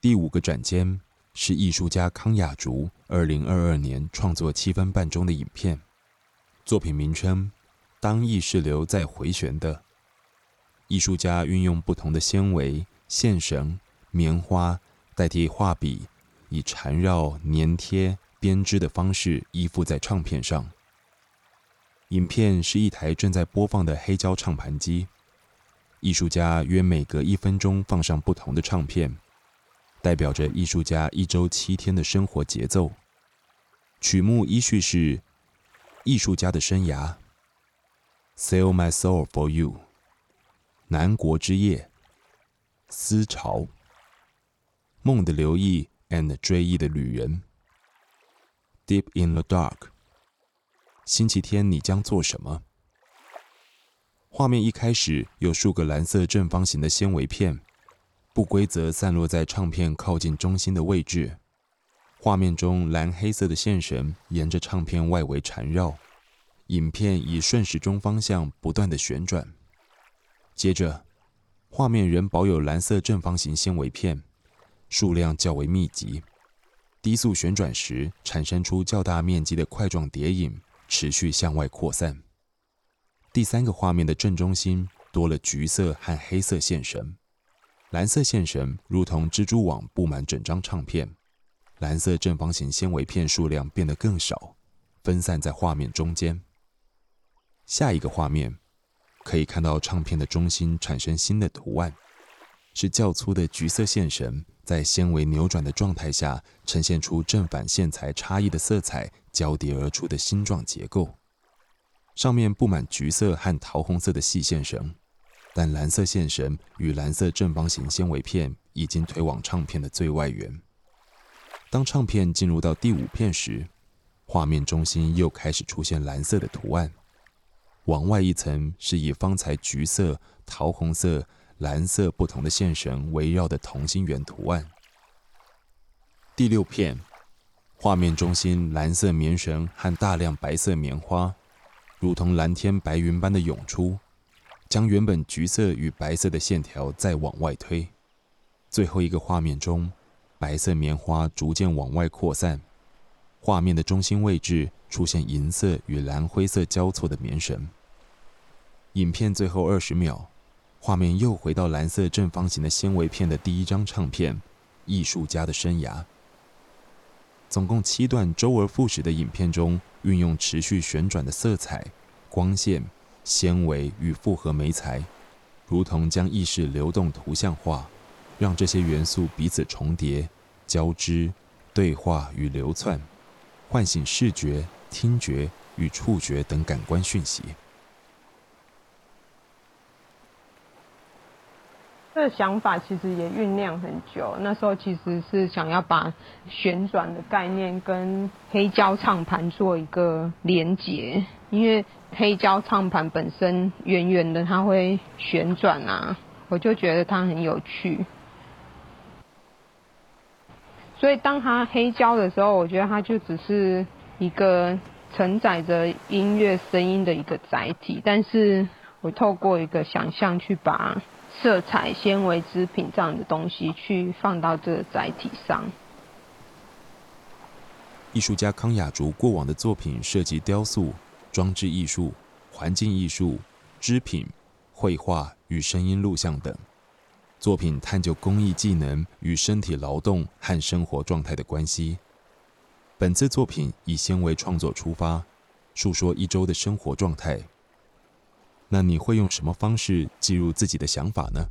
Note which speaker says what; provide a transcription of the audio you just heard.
Speaker 1: 第五個展間是藝術家康雅築二零二二年創作七分半鐘的影片，作品名稱《當意識流在回旋的》。藝術家運用不同的纖維、線繩、棉花代替畫筆，以纏繞、粘貼、編織的方式依附在唱片上。影片是一台正在播放的黑膠唱盤機，藝術家約每隔一分鐘放上不同的唱片。代表着藝術家一周七天的生活節奏。曲目依序是：藝術家的生涯，Sell my soul for you，南國之夜，思潮，夢的流曳 and 追憶的旅人，Deep in the Dark，星期天你將做什麼？畫面一開始有數個藍色正方形的纖維片。不規則散落在唱片靠近中心的位置。畫面中藍黑色的線繩沿着唱片外圍纏繞，影片以順時鐘方向不斷地旋轉。接着，畫面仍保有藍色正方形纖維片，數量較為密集。低速旋轉時產生出較大面積的塊狀疊影，持續向外擴散。第三個畫面的正中心多了橘色和黑色線繩。藍色線繩如同蜘蛛網布滿整張唱片，藍色正方形纖維片數量變得更少，分散在畫面中間。下一個畫面可以看到唱片的中心產生新的圖案，是較粗的橘色線繩在纖維扭轉的狀態下，呈現出正反線材差異的色彩交疊而出的星狀結構，上面布滿橘色和桃紅色的細線繩。但藍色線繩與藍色正方形纖維片已經推往唱片的最外緣。當唱片進入到第五片時，畫面中心又開始出現藍色的圖案。往外一層是以方才橘色、桃紅色、藍色不同的線繩圍繞的同心圓圖案。第六片，畫面中心藍色棉繩和大量白色棉花，如同藍天白雲般的湧出。將原本橘色與白色的線條再往外推，最後一個畫面中，白色棉花逐漸往外擴散，畫面的中心位置出現銀色與藍灰色交錯的棉繩。影片最後二十秒，畫面又回到藍色正方形的纖維片的第一張唱片《藝術家的生涯》。總共七段周而復始的影片中，運用持續旋轉的色彩、光線。纖維與複合媒材，如同將意識流動圖像化，讓這些元素彼此重疊、交織、對話與流竄，喚醒視覺、聽覺與觸覺等感官訊息。
Speaker 2: 這想法其實也醞釀很久，那時候其實是想要把旋轉的概念跟黑膠唱盤做一個連結。因為黑膠唱盤本身圓圓的，它會旋轉啊，我就覺得它很有趣。所以當它黑膠的時候，我覺得它就只是一個承載着音樂聲音的一個載體。但是我透過一個想象，去把色彩、纖維織品這樣的東西去放到這個載體上。
Speaker 1: 藝術家康雅築過往的作品涉及雕塑。裝置藝術、環境藝術、織品、繪畫與聲音錄像等作品，探究工藝技能與身體勞動和生活狀態的關係。本次作品以纖維創作出發，述說一周的生活狀態。那你會用什麼方式記錄自己的想法呢？